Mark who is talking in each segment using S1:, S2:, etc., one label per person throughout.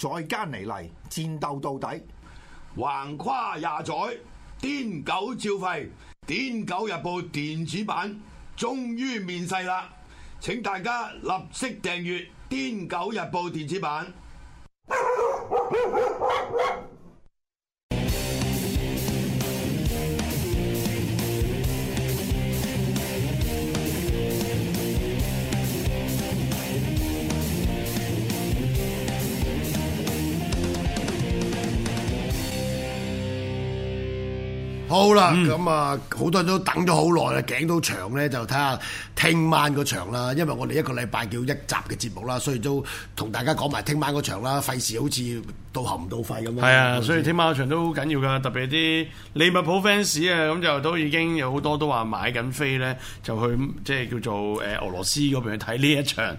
S1: 再加尼嚟，戰鬥到底，橫跨廿載，癲狗照廢，癲狗日報電子版終於面世啦！請大家立即訂閱癲狗日報電子版。 好啦，咁啊、嗯，好多人都等咗好耐啦，頸都長咧，就睇下聽晚嗰場啦。因為我哋一個禮拜叫一集嘅節目啦，所以都同大家講埋聽晚嗰場啦，費事好似到喉唔到肺咁樣。係啊，像所以
S2: 聽晚嗰場都好緊要噶，特別啲利物浦 fans 啊，咁就都已經有好多都話買緊飛咧，就去即係、就是、叫做誒俄羅斯嗰邊去睇呢一場。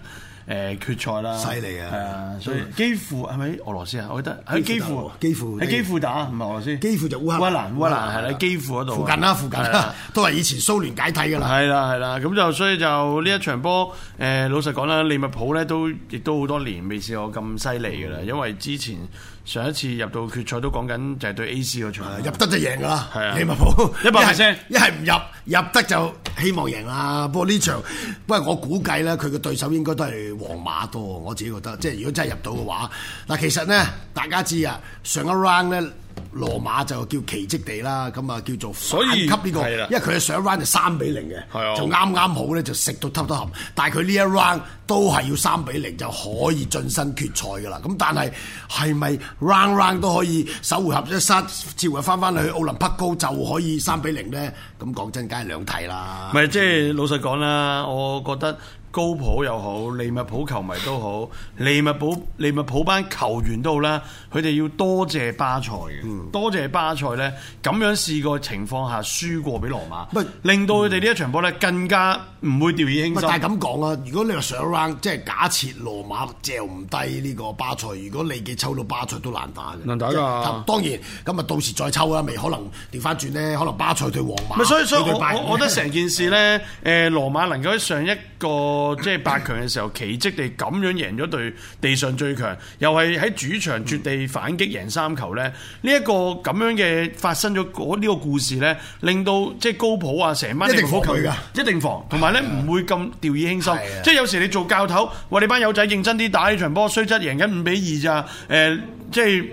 S2: 誒決賽啦，犀利啊！所以基輔係咪俄羅斯啊？我記得喺基輔
S1: 基輔喺基輔打唔係俄羅斯，基輔就烏克蘭烏克蘭係啦，基
S2: 輔嗰度附近啦，附近啦，都係以前蘇聯解體㗎啦。係啦係啦，咁就所以就呢一場波誒，老實講啦，利物浦咧都亦都好多年未試過咁犀利㗎啦，因為之前。上一次入到決賽都講緊就係對 A.C. 嗰場，啊，入得就贏啦，起碼好
S1: 一百 percent。一係唔入，入得就希望贏啦。不過呢場，不過我估計咧，佢嘅對手應該都係皇馬多。我自己覺得，即係如果真係入到嘅話，嗱，其實咧大家知啊，上一 round 咧。羅馬就叫奇蹟地啦，咁啊叫做分級呢，個，因為佢上一 round 的就三比零嘅，就啱啱好咧就食到 top 到合，但係佢呢一 round 都係要三比零就可以晉身決賽噶啦。咁但係係咪 round round 都可以首回合一失，次回合翻翻去奧林匹高就可以三比零咧？咁講真，梗係兩睇啦。
S2: 咪即係老實講啦，我覺得。高普又好，利物浦球迷都好，利物浦利物浦班球員都好啦，佢哋要多謝巴塞嘅。嗯、多謝巴塞咧，咁樣試過情況下輸過俾羅馬，嗯、令到佢哋呢一場波咧更加唔會掉以輕心。嗯、但係咁講啦，
S1: 如果你話上 round，即係假設羅馬掙唔低呢個巴塞，如果利記抽到巴塞都難打嘅，難打㗎。當然，咁啊到時再抽啦，未可能調翻轉咧，可能巴塞對皇馬。所以所以，所以我我覺得成
S2: 件事咧，誒 羅馬能夠喺上一個。即係八強嘅時候，奇蹟地咁樣贏咗對地上最強，又係喺主場絕地反擊贏、嗯、三球呢呢一、個咁樣嘅發生咗，呢、個故事呢，令到即係高普啊，成班一定好抗拒，一定防，同埋呢唔是的 會咁掉以輕心。是的 即係有時你做教頭，話你班友仔認真啲打呢場波，雖則贏緊五比二咋，誒、呃，即係。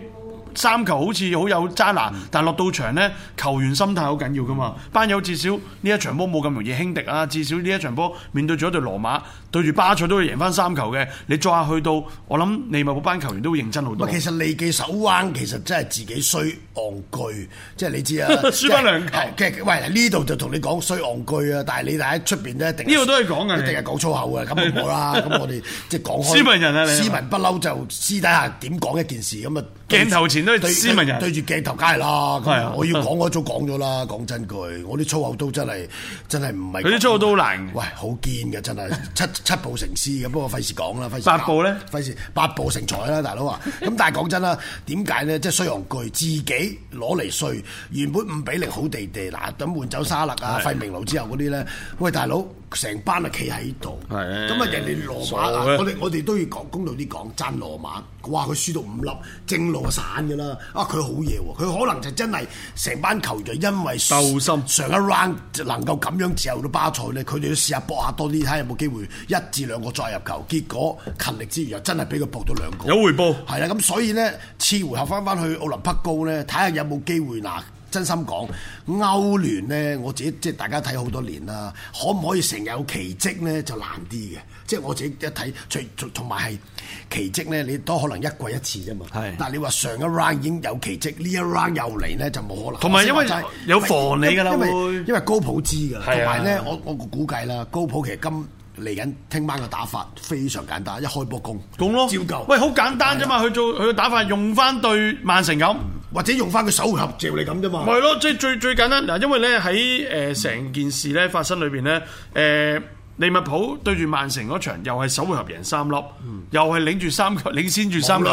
S2: 三球好似好有揸拿，但落到場咧，球員心態好緊要㗎嘛。班友至少呢一場波冇咁容易輕敵啊，至少呢一場波面對住一隊羅馬，對住巴塞都會贏翻三球嘅。你再下去到，我諗利物浦班球員都會認真好多。其實
S1: 你嘅手彎其實真係自己衰昂句，即係你知啊， 輸翻兩球。喂，呢度就同你講衰昂句啊，但係你喺出邊都一定呢個都係講緊，定係講粗口嘅，咁唔的好啦。咁我哋 即係講開。斯文人啊，你斯文不嬲就私底下點講一件事咁啊？鏡頭前都係斯文人對住鏡頭梗係啦。我要講我都講咗啦。講真句，我啲粗口都真係真係唔係。佢啲粗口都好難。喂，好堅㗎，真係七七步成詩咁，不過費事講啦，費事。八步咧？費事八步成才啦，大佬啊！咁但係講真啦，點解咧？即係衰行句自己攞嚟衰，原本五比零好地地嗱，等換走沙勒啊、費明路之後嗰啲咧。喂，大佬成班啊，企喺度。係。咁啊，人哋羅馬，我哋我哋都要講公道啲講真羅馬。哇，佢輸到五粒正路散。啊，佢好嘢喎，佢可能就真係成班球員，因為鬥心上一 round 就能夠咁樣自由到巴塞呢，佢哋都試下搏下多啲，睇下有冇機會一至兩個再入球。結果勤力之餘又真係俾佢搏到兩個，有回報。係啦，咁所以呢，次回合返返去奧林匹高呢，睇下有冇機會拿。真心講，歐聯呢，我自己即係大家睇好多年啦，可唔可以成日有奇蹟呢？就難啲嘅。即係我自己一睇，同埋係奇蹟呢，你都可能一季一次啫嘛。的但係你話上一 round 已經有奇蹟，呢一 round 又嚟呢，就冇可能。同埋因為有防你噶啦，因為高普知噶，同埋呢，我我估計啦，高普其實今嚟緊聽晚嘅打法非常簡單，一開波攻攻咯，照舊了。隔喂，好簡單啫嘛，佢做佢嘅
S2: 打法用返對曼城咁。嗯或者用翻個手回合照你咁啫嘛，係咯，即、就、係、是、最最簡單嗱，因為咧喺誒成件事咧發生裏邊咧，誒、嗯、利物浦對住曼城嗰場又係手回合贏三粒，嗯、又係領住三領先住三粒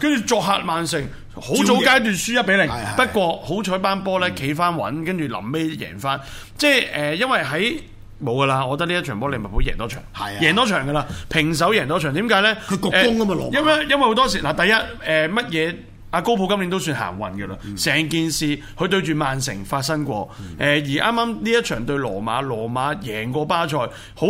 S2: 跟住作客曼城好贏早階段輸一比零，不過好彩班波咧企翻穩，跟住臨尾贏翻，即係誒因為喺冇噶啦，我覺得呢一場波利物浦贏多場，係贏的多場噶啦，平手贏多場，點解咧？佢局功啊嘛，因為因為好多時嗱，第一誒乜嘢？呃阿高普今年都算行運嘅啦，成、嗯、件事佢對住曼城發生過。誒，嗯、而啱啱呢一場對羅馬，羅馬贏過巴塞，好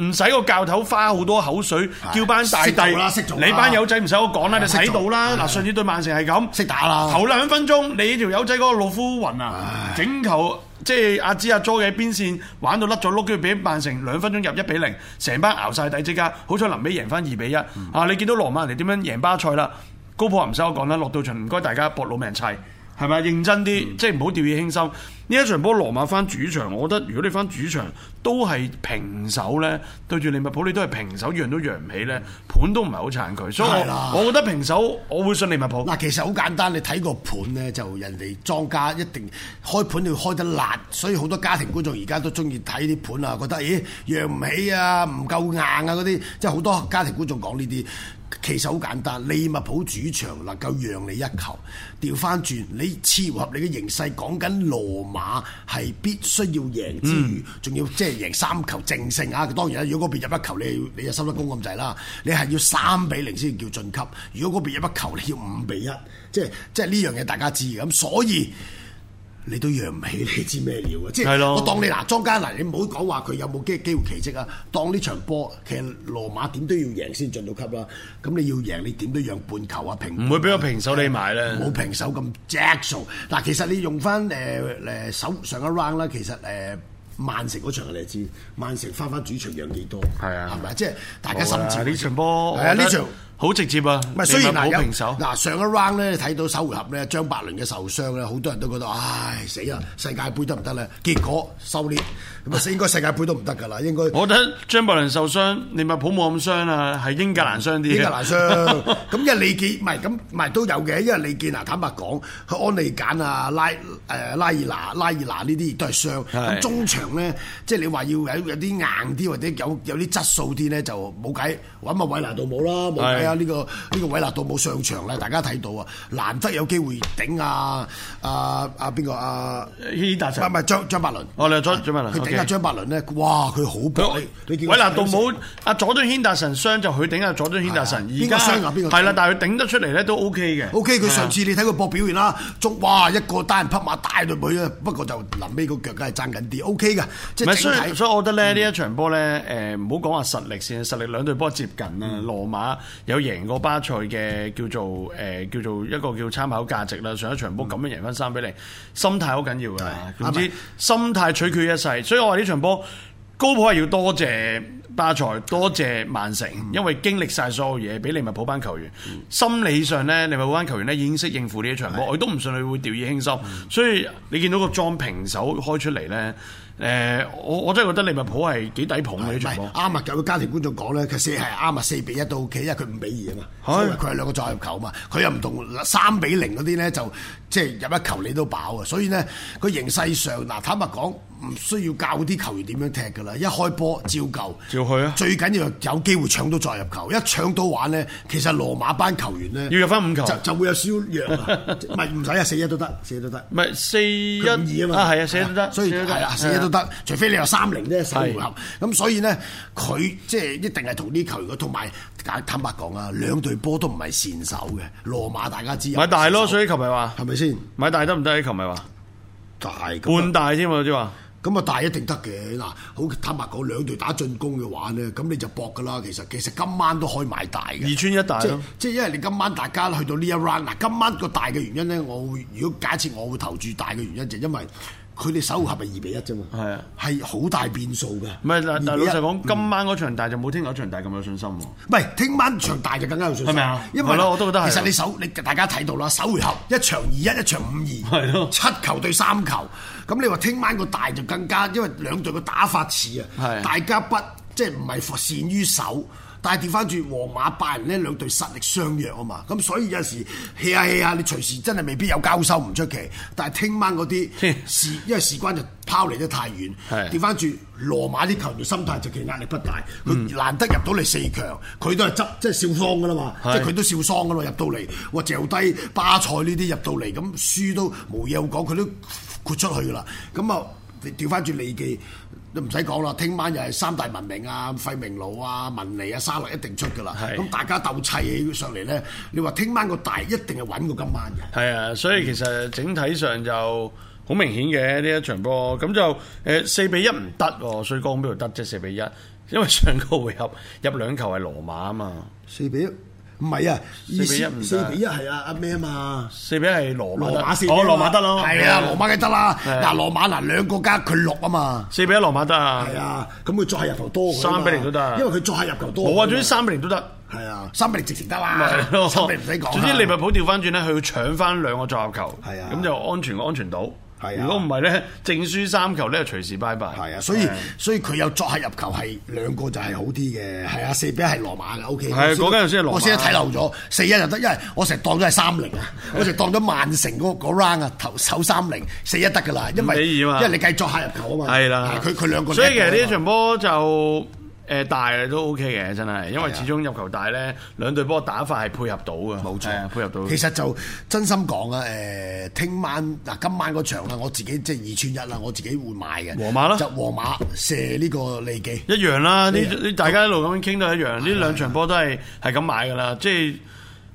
S2: 唔使個教頭花好多口水，叫班大帝，哎、啦啦你班友仔唔使我講啦，哎、呀你睇到啦。嗱、嗯，上次對曼城係咁，識打啦。頭兩分鐘，你條友仔嗰個老夫雲啊，哎、呀整球即係阿芝阿佐嘅邊線玩到甩咗碌，跟住俾曼城兩分鐘入一比零，成班熬晒底即刻。好彩臨尾贏翻二比一。嗯、啊，你見到羅馬人哋點樣贏巴塞啦？高普還唔使我講啦，落到場唔該大家搏老命砌，係咪啊？認真啲，嗯、即係唔好掉以輕心。呢一場波羅馬翻主場，我覺得如果你翻主場都係平手呢，對住利物浦你都係平手讓，讓都讓唔起呢，
S1: 盤都唔係好殘佢，所以我覺得平手，我會信利物浦。嗱，其實好簡單，你睇個盤呢，就人哋莊家一定開盤要開得辣，所以好多家庭觀眾而家都中意睇啲盤啊，覺得咦讓唔起啊，唔夠硬啊嗰啲，即係好多家庭觀眾講呢啲。其實好簡單，利物浦主場能夠讓你一球，調翻轉你切合你嘅形勢，講緊羅馬。馬係必須要贏之餘，仲要即係贏三球正勝啊！當然啦，如果嗰邊入一球，你你又收得功咁滯啦，你係要三比零先叫晉級。如果嗰邊入一球，你要五比一，即係即係呢樣嘢大家知咁，所以。你都讓唔起，你知咩料啊？即係的我當你嗱，莊家嗱，你唔好講話佢有冇機機會奇蹟啊！當呢場波，其實羅馬點都要贏先進到級啦。咁你要贏，你點都要讓半球啊！平唔會俾個平手你買咧，冇平手咁隻數。嗱、嗯，其實你用翻誒誒手上一 round 啦，其實誒曼城嗰場你知，曼城翻翻主場贏幾多？係啊的，係咪的即係大家心知？呢場波，係啊，呢場。
S2: 好直接啊！唔係雖然嗱，平手
S1: 上一 round 咧，睇到首回合咧，張伯倫嘅受傷咧，好多人都覺得唉死啊！世界盃得唔得咧？結果收斂，咁啊世應該世界盃都唔得噶啦，應該。我覺得張
S2: 伯倫受傷， 利物浦冇咁傷啊，係英格蘭傷
S1: 啲。英格蘭傷，咁因為李健唔係咁唔係都有嘅，因為李健啊，坦白講，去安利簡啊拉誒拉，拉爾拿拉爾拿呢啲亦都係傷。咁的中場咧，即、就、係、是、你話要有啲硬啲或者有有啲質素啲咧，就冇計揾阿偉拿杜姆冇啦，冇的呢個呢個偉娜杜姆上場咧，大家睇到啊，難得有機會頂啊啊啊邊個啊？軒達臣唔係張張伯倫
S2: 哦，你話張伯倫佢頂下張
S1: 伯倫咧，哇佢好搏！偉娜杜姆
S2: 啊，佐敦軒達臣傷就佢頂啊佐敦軒達臣，而家傷係邊個？係啦，但係佢頂得出嚟
S1: 咧都 OK 嘅。OK，佢上次你睇佢搏表現啦，足哇一個單人匹馬帶隊去啊，不過就臨尾個腳梗係爭緊啲，OK 嘅。即係，所以所以我覺得咧呢一場波咧，誒
S2: 唔好講話實力先，實力兩隊波接近啊，羅馬有。贏過巴塞嘅叫做誒、呃，叫做一個叫參考價值啦。上一場波咁樣贏翻三比零，嗯，心態好緊要噶。總之吧心態取決一世，所以我話呢場波高普係要多謝巴塞，多謝曼城，因為經歷晒所有嘢，俾利物浦班球員，嗯、心理上呢，利物浦班球員呢，已經識應付呢一場波，的我都唔信佢會掉以輕心。所以你見到個莊
S1: 平手開出嚟呢。誒、啊，我我真係覺得利物浦係幾抵捧嘅呢場，啱啊、欸！啱啱有個家庭觀眾講咧，佢四係啱啊，四比一都 OK，因為佢五比二啊嘛，佢係兩個再入球啊嘛，佢嗎又唔同三比零嗰啲咧，就即係入一球你都飽啊！所以呢，個形勢上嗱，坦白講，唔需要教啲球員點樣踢㗎喇，一開波照舊，照去啊！最緊要有機會搶到再入球，一搶到玩呢，其實羅馬班球員呢，要入翻五球就就會有少少弱啊！唔係唔使啊，四一都得，四都得，唔係四一,一二啊，係啊，四都得，所以係啊，都得，除非你有三零啫，三回合。咁是的 所以呢，佢即係一定係同呢球，如同埋，坦白講啊，兩隊波都唔係善手嘅。羅馬大家知。買大
S2: 咯，手所以球咪話。係咪先？買大得唔得？啲球咪話大，半大添喎，即係話。
S1: 咁啊，大一定得嘅嗱。好坦白講，兩隊打進攻嘅話呢，咁你就搏㗎啦。其實其實今晚都可以買大。二串一大即即係因為你今晚大家去到呢一 round 嗱，今晚個大嘅原因呢，我會如果假設我會投注大嘅原因就因為。佢哋首回合係二比一啫嘛，係啊的，係好大變數嘅。唔係嗱嗱，老實講，2 2< 比> 1, 今晚嗰場大就冇聽日場大咁有信心喎。唔係，聽晚場大就更加有信心，係咪啊？因為是是我覺得其實你首，你大家睇到啦，首回合一場二一，一場五二，係咯的，七球對三球。咁你話聽晚個大就更加，因為兩隊嘅打法似啊，的大家不即係唔係擅於守。但係掉返轉，皇馬拜仁呢兩隊實力相約啊嘛，咁所以有時 hea 下 hea 下你隨時真係未必有交收唔出奇。但係聽晚嗰啲時， 因為事關就拋離得太遠，掉返轉羅馬啲球員心態就其實壓力不大，佢、嗯、難得入到嚟四強，佢都係執即係少喪噶啦嘛，即係佢都少喪噶啦，入到嚟，我掉低巴塞呢啲入到嚟，咁輸都冇嘢好講，佢都豁出去噶啦，咁啊掉返轉利記。都唔使講啦，聽晚又係三大文明啊、費明奴啊、文尼啊、沙律一定出㗎喇。咁大家鬥砌起上嚟咧，你話聽晚個大一定係穩過今晚嘅。
S2: 係啊，所以其實整體上就好明顯嘅呢一場波咁就誒四比一唔得，所以講邊度得啫四比一，因為上個回合入兩球係羅馬啊嘛。四比一。
S1: 唔係啊，四比一四比一係啊，阿咩啊嘛，
S2: 四比一係羅羅馬四哦，一咯，羅馬得咯，係啊羅馬梗得啦，嗱羅馬
S1: 嗱兩個加佢六啊嘛，四比一羅馬得啊，係啊，咁佢作客入球多，三比零都得，因為佢作客入球多，冇啊，總之三比零都得，係啊，三比零直接得啊！三比零唔使
S2: 講。總之利物浦調翻轉咧，佢要搶翻兩個作客球，係啊，咁就安全個安全島。如果唔係咧，正輸三球咧，隨時拜拜。係啊，所以
S1: 所以佢有作客入球係兩個就係好啲嘅，係啊，四比一係羅馬嘅 O K。係嗰間先係羅馬。我先一睇漏咗四一就得，因為我成日當咗係三零啊，我成日當咗曼城嗰嗰 round 啊，投守三零四一得㗎啦，因為因為你計作客入球啊嘛。係啦，佢佢兩個。所以其實呢
S2: 一場波就。誒大都 OK 嘅，真係，因為始終入球大咧，兩隊波打法係配合到嘅，冇錯，配合到。其實就
S1: 真心講啊，誒，聽晚嗱今晚嗰場啦，我自己即係二串一啦，我自己會買嘅。皇馬啦，就皇馬射呢個利記
S2: 一樣啦，呢大家一路咁樣傾都一樣，呢兩場波都係係咁買嘅啦，即係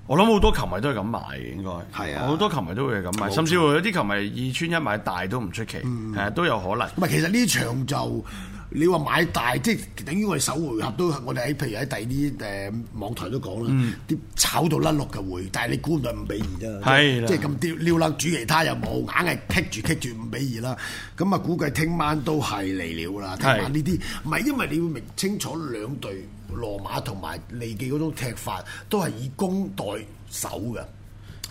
S2: 我諗好多球迷都係咁買嘅，應該係啊，好多球迷都會係咁買，甚至會有啲球迷二串一買大都唔出奇，誒都有可能。唔係，其
S1: 實呢場就。你話買大即係等於我哋首回合都，我哋喺譬如喺第二啲誒網台都講啦，啲、嗯、炒到甩六嘅回，但係你估唔到五比二啫的，即係咁丟撩甩，主其他又冇，硬係踢住踢住五比二啦。咁啊，估計聽晚都係嚟了啦。聽晚呢啲唔係因為你會明清楚兩隊羅馬同埋利記嗰種踢法，都係以攻代守嘅。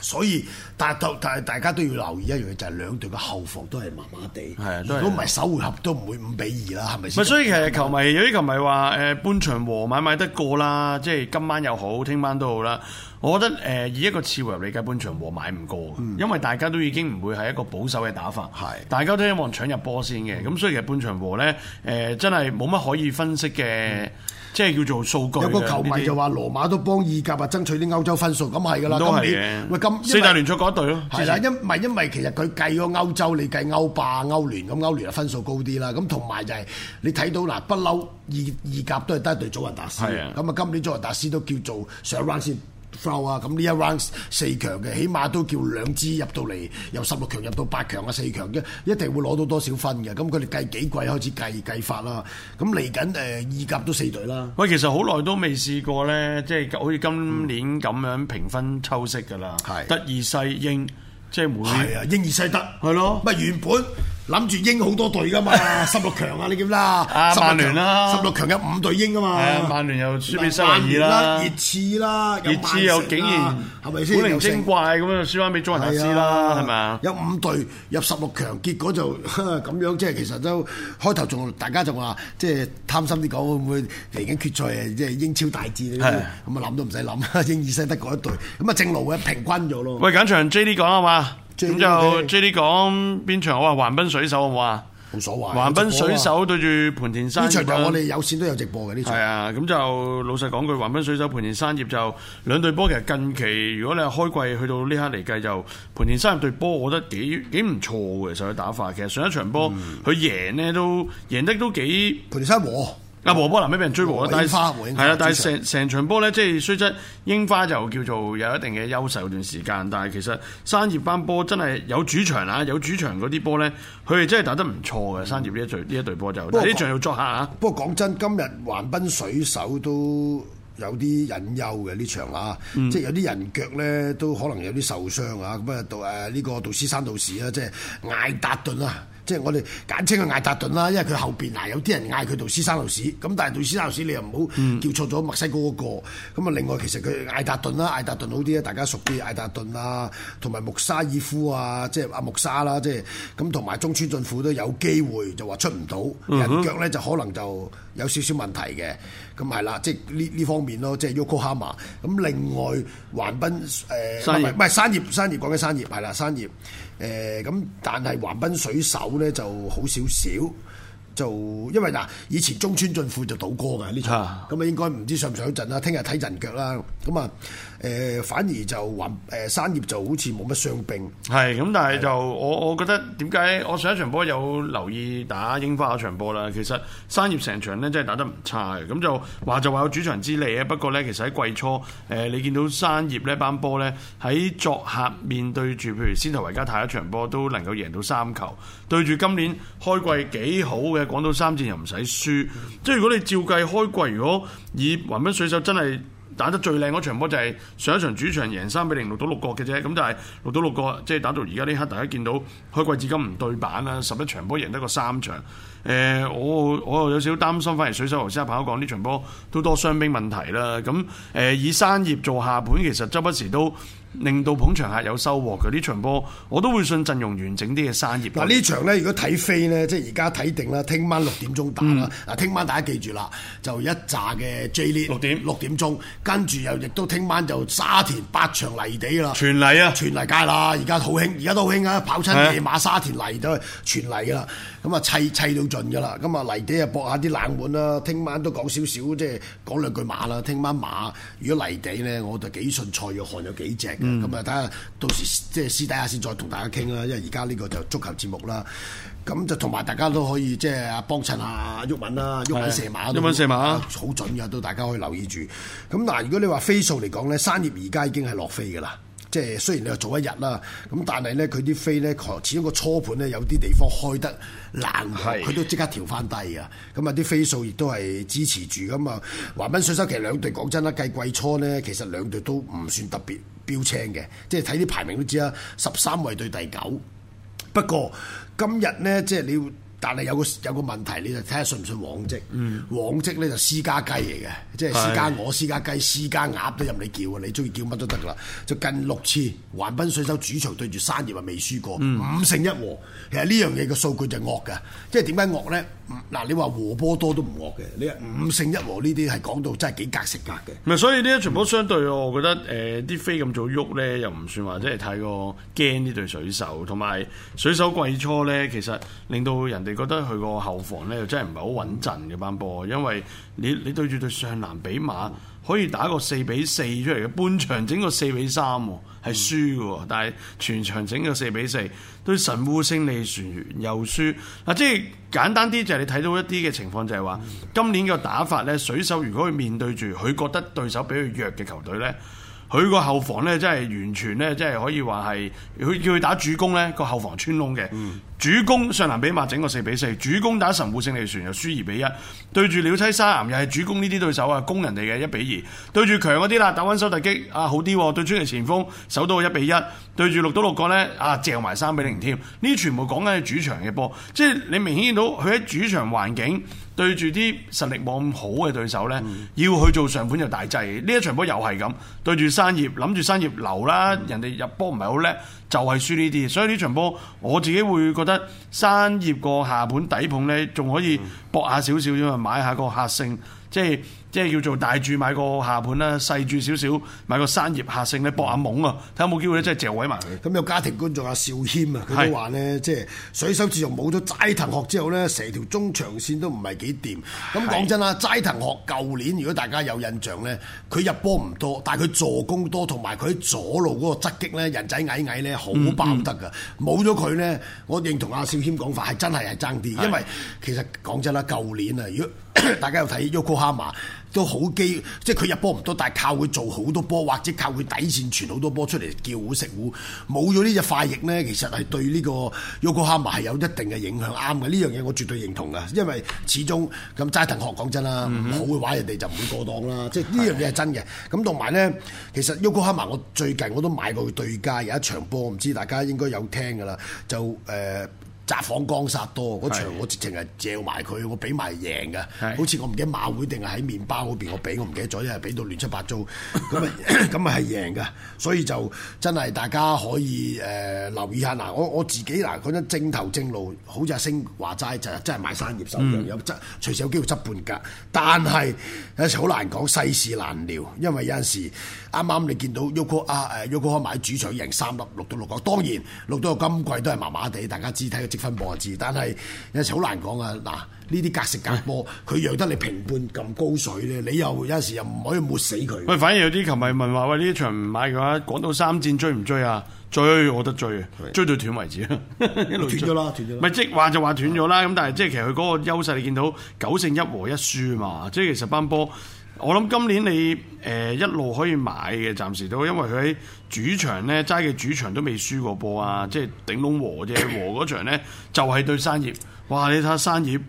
S1: 所以，但係但係大家都要留意一樣嘢，就係、是、兩隊嘅後防都係麻麻地。係啊，如果唔係首回合都唔會五比二啦，係咪先？
S2: 所以其實球迷有啲球迷話誒半場和買買得過啦，即係今晚又好，聽晚都好啦。我覺得誒、呃、以一個次回合嚟計半場和買唔過，嗯、因為大家都已經唔會係一個保守嘅打法。係的，大家都希望搶入波先嘅。咁、嗯、所以其實半場和咧誒、呃、真係冇乜可以分析嘅。嗯即係叫做數據。有個球迷就話
S1: 羅馬都幫意甲啊爭取啲歐洲分數，咁係㗎啦。今年，喂咁四大聯賽
S2: 嗰隊咯，係啦，一
S1: 唔係因為其實佢計咗歐洲，你計歐霸、歐聯，咁歐聯啊分數高啲啦。咁同埋就係你睇到嗱，不嬲意意甲都係得一隊祖雲達斯。咁啊，今年祖雲達斯都叫做上一 round 先。flow 啊，咁呢一 round 四強嘅，起碼都叫兩支入到嚟，由十六強入到八強啊，四強嘅一定會攞到多少分嘅，咁佢哋計幾季開始計計法啦，咁嚟緊誒意甲都四隊啦。
S2: 喂，其實好耐都未試過咧，即係好似今年咁樣平分秋色
S1: 噶啦，德意西英，即係每，英意西德係咯，咪原本。.諗住英好多隊噶嘛，十六強啊，你知啦，曼聯啦，十六強有五隊英啊嘛。係啊，曼聯又輸俾西維爾啦，熱刺啦，熱刺又、啊、又竟然係咪先古靈精怪咁、
S2: 嗯、啊，輸翻俾祖雲達斯啦，係咪啊？有
S1: 五隊入十六強，結果就咁樣，即係其實都開頭仲大家就話，即係貪心啲講會唔會嚟緊決賽即係英超大戰咁啊，諗的的都唔使諗，英而剩得嗰一隊，咁啊正路嘅平均咗咯。喂，
S2: 簡長 J D 講啊嘛。咁就即 d 啲講邊場，我話橫濱水手好唔好啊？冇所謂。橫濱水手對住磐田山葉呢場我哋有
S1: 線都有直播嘅，呢場。係
S2: 啊，咁就老實講句，橫濱水手磐田山葉就兩隊波其實近期如果你係開季去到呢刻嚟計，就磐田山葉隊波，我覺得幾幾唔錯嘅，其實佢打法其實上一場波佢贏呢都贏得都幾磐田山和。阿和波嗱，咩俾人追和啊？但係，係啊！但係成成場波咧，即係雖則櫻花就叫做有一定嘅優勢嗰段時間，但係其實山葉班波真係有主場啊，有主場嗰啲波咧，佢哋真係打得唔錯嘅。山葉呢一隊呢一隊波就呢場
S1: 要作客啊。不過講真，今日橫濱水手都有啲隱憂嘅呢場啊，即係有啲人腳咧都可能有啲受傷啊。咁啊，到誒呢個杜斯山道士啊，即係艾達頓啊。即係我哋簡稱佢艾達頓啦，因為佢後邊嗱有啲人嗌佢做斯沙路士，咁但係對斯沙路士你又唔好叫錯咗墨西哥嗰個，咁啊另外其實佢艾達頓啦，艾達頓好啲啊，大家熟啲艾達頓啊，同埋穆沙爾夫啊，即係阿穆沙啦，即係咁同埋中村俊輔都有機會就話出唔到、嗯、哼人腳咧，就可能就。有少少問題嘅，咁係啦，即係呢呢方面咯，即係 Yokohama、ok。咁另外橫濱誒，唔係唔係山葉，山葉，講緊山葉係啦，山葉誒咁，但係橫濱水手咧就好少少，就因為嗱以前中村俊輔就倒過嘅呢場，咁啊應該唔知上唔上一陣啦，聽日睇陣腳啦，咁、嗯、啊。誒、呃、反而就雲誒山葉就好似冇乜傷病，
S2: 係咁，但係就是的 我我覺得點解我上一場波有留意打櫻花嗰場波啦，其實山葉成場咧真係打得唔差嘅，咁就話就話有主場之利啊。不過咧，其實喺季初誒、呃，你見到山葉呢班波咧喺作客面，面對住，譬如先頭維加泰一場波都能夠贏到三球，對住今年開季幾好嘅廣島三戰又唔使輸，即係如果你照計開季，如果以橫濱水手真係。打得最靚嗰場波就係、是、上一場主場贏三比零，六到六個嘅啫，咁就係六到六個，即係打到而家呢刻，大家見到開季至今唔對版啊，十一場波贏得個三場。誒、呃，我我又有少少擔心，反嚟水手頭先阿鵬講呢場波都多傷兵問題啦。咁誒、呃，以山葉做下盤，其實周不時都令到捧場客有收穫嘅。呢場波我都會信陣容完整啲嘅山葉。嗱，呢場
S1: 咧，如果睇飛咧，即係而家睇定啦，聽晚六點鐘打啦。嗱、嗯，聽晚大家記住啦，就一紮嘅 J 聯六點六點鐘，跟住又亦都聽晚就沙田八場泥地啦。全泥啊，全泥街啦，而家好興，而家都好興啊，跑親夜馬沙田嚟都全泥啦。咁啊，砌砌到噶啦，咁啊、嗯嗯、泥地啊，博下啲冷門啦。聽晚都講少少，即係講兩句馬啦。聽晚馬如果泥地咧，我就幾順蔡約翰有幾隻咁啊。睇下、嗯、到時即係、就是、私底下先再同大家傾啦。因為而家呢個就足球節目啦，咁就同埋大家都可以即係阿幫襯啊，毓民啦，毓民射，的射馬，毓民射馬好準噶，都大家可以留意住。咁嗱，如果你話飛數嚟講咧，山葉而家已經係落飛噶啦。即係雖然你又早一日啦，咁但係咧佢啲飛咧，始終個初盤咧有啲地方開得難，佢是都即刻調翻低啊！咁啊啲飛數亦都係支持住咁啊。橫濱水手其實兩隊講真啦，計季初咧，其實兩隊都唔算特別標青嘅，即係睇啲排名都知啦，十三位對第九。不過今日咧，即係你要。但係有個有個問題，你就睇下信唔信往績。嗯、往績咧就私家雞嚟嘅，嗯、即係私家鵝私家雞、私家鴨都任你叫啊！你中意叫乜都得噶啦。就近六次橫濱水手主場對住山葉啊，未輸過、嗯、五勝一和。其實呢樣嘢個數據就惡噶，即係點解惡咧？嗱，你話和波多都唔惡嘅，你話五勝一和呢啲係講到真係幾格食格嘅。
S2: 咪所以呢一場波相對我覺得誒啲、呃、飛咁早喐咧又唔算話，即係太過驚呢對水手，同埋水手季初咧，其實令到人哋覺得佢個後防咧又真係唔係好穩陣嘅班波，因為你你對住對上籃比馬。可以打個四比四出嚟嘅，半場整個四比三喎，係輸喎。但係全場整個四比四，對神戶勝利船又輸。啊，即係簡單啲就係你睇到一啲嘅情況就，就係話今年嘅打法呢，水手如果去面對住佢覺得對手比佢弱嘅球隊呢，佢個後防呢，真係完全呢，即係可以話係，佢叫佢打主攻呢，個後防穿窿嘅。嗯主攻湘南比馬整個四比四，主攻打神戶勝利船又輸二比一，對住鳥棲砂岩又係主攻呢啲對手啊，攻人哋嘅一比二，啊哦，對住強嗰啲啦，打溫手突擊啊好啲，對住前鋒手到一比一，對住六到六個呢，啊正埋三比零添，呢全部講緊係主場嘅波，即係你明顯見到佢喺主場環境對住啲實力冇咁好嘅對手呢，嗯、要去做上盤就大制，呢一場波又係咁，對住山葉諗住山葉流啦，留嗯、人哋入波唔係好叻，就係、是、輸呢啲，所以呢場波我自己會覺。得山葉個下盤底盤咧，仲可以搏下少少，因為買下個客勝，即係。即係叫做大注買個下盤啦，細注少少買個山葉下勝咧，搏下懵啊！睇下
S1: 冇機會咧、嗯，即係謝偉文。咁有家庭觀眾阿少謙啊，佢都話咧，即係水手自從冇咗齋藤學之後咧，成條中長線都唔係幾掂。咁講真啦，齋藤學舊年如果大家有印象咧，佢入波唔多，但係佢助攻多，同埋佢喺左路嗰個側擊咧，人仔矮矮咧，好爆得㗎。冇咗佢咧，我認同阿少謙講法係真係係爭啲，因為其實講真啦 Yes,，舊年啊，如果大家有睇 Yokohama。都好機，即係佢入波唔多，但係靠佢做好多波，或者靠佢底線傳好多波出嚟叫喎食碗。冇咗呢隻快譯呢，其實係對呢個 Yogo 哈麻係有一定嘅影響，啱嘅呢樣嘢我絕對認同嘅，因為始終咁齋藤學講真啦，唔、嗯、好嘅話人哋就唔會過檔啦，即係呢樣嘢係真嘅。咁同埋呢，其實 Yogo 哈麻我最近我都買過佢對家有一場波，唔知大家應該有聽㗎啦，就誒。呃扎幌江殺多嗰場我，我直情係借埋佢，我俾埋贏嘅。好似我唔記得馬會定係喺麪包嗰邊，我俾我唔記得咗，因為俾到亂七八糟，咁咁咪係贏嘅。所以就真係大家可以誒、呃、留意下嗱、呃，我我自己嗱講真，正頭正路，好似阿、啊、聲話齋就係真係買三葉手腳、嗯、有執，隨時有機會執半㗎。但係有陣時好難講，世事難料，因為有陣時啱啱你見到 Yahoo 啊誒 Yahoo 買主場贏三粒六到六角，當然六到六金貴都係麻麻地，大家知睇分半字，但係有時好難講啊！嗱，呢啲隔食隔波，佢讓得你平半咁高水咧，你又有時又唔可以抹死佢。
S2: 喂，反而有啲球迷問話：喂，呢場唔買嘅話，講到三戰追唔追啊？追，我得追，追到斷為止
S1: 啊！一路斷咗啦，斷咗。咪
S2: 即係話就話斷咗啦。咁但係即係其實佢嗰個優勢，你見到九勝一和一輸嘛？即係其實班波。我諗今年你誒、呃、一路可以買嘅，暫時都因為佢喺主場咧，齋嘅 主場都未輸過波啊！即係頂籠和啫， 和嗰場咧就係、是、對山葉，哇！你睇下山葉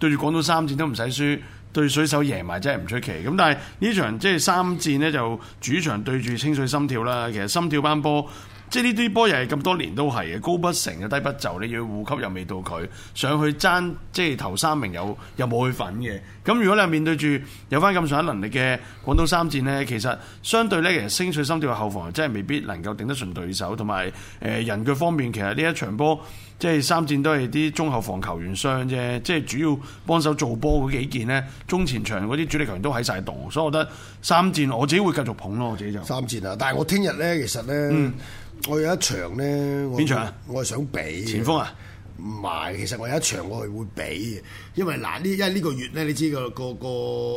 S2: 對住廣東三戰都唔使輸，對水手贏埋真係唔出奇。咁但係呢場即係三戰咧就主場對住清水心跳啦，其實心跳班波。即係呢啲波又係咁多年都係嘅高不成又低不就，你要互給又未到佢上去爭，即係頭三名又又有又冇去份嘅。咁如果你面對住有翻咁上一能力嘅廣東三戰呢，其實相對呢，其實星水心跳嘅後防真係未必能夠頂得順對手，同埋誒人腳方面，其實呢一場波即係三戰都係啲中後防球員傷啫，即係主要幫手做波嗰幾件呢，中前場嗰啲主力球員都喺晒度，所以我覺得三戰我自己會繼續捧咯，我自己就三戰啊！但係我
S1: 聽日呢，其實呢。嗯我有一場咧，邊場啊？我係想俾前鋒啊，唔係，其實我有一場我係會俾嘅，因為嗱呢，因為呢個月咧，你知個個個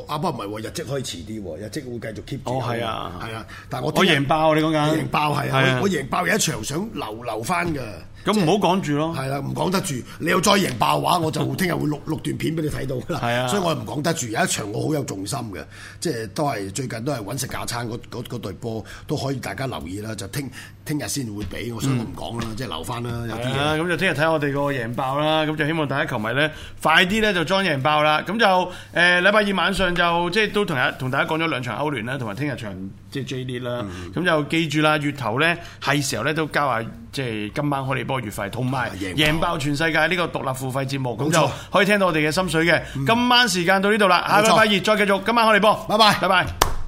S1: 阿波唔係喎，日積可以遲啲喎，日積會繼續 keep 住。哦，係啊，係啊，但係我我贏爆、啊、你講緊，贏爆係啊，我贏爆有一場想留留翻嘅。咁唔好講住咯，係啦，唔講得住，你要再贏爆嘅話，我就聽日會錄 錄段片俾你睇到啦。係啊，所以我又唔講得住。有一場我好有重心嘅，即係都係最近都係揾食架餐嗰隊波，都可以大家留意啦。就聽聽日先會俾，所以我唔講啦，嗯、即係留翻啦。係啊，
S2: 咁就聽日睇我哋個贏爆啦。咁就希望大家球迷咧，快啲咧就裝贏爆啦。咁就誒禮拜二晚上就即係都同同大家講咗兩場歐聯啦，同埋聽日場。即係追啦，咁就,、嗯、就記住啦。月頭咧係時候咧都交下，即、就、係、是、今晚開你波月費，同埋贏爆全世界呢個獨立付費節目，咁錯就可以聽到我哋嘅心水嘅。嗯、今晚時間到呢度啦，錯下個禮拜二再繼續。今晚開你波，拜拜，拜拜。拜拜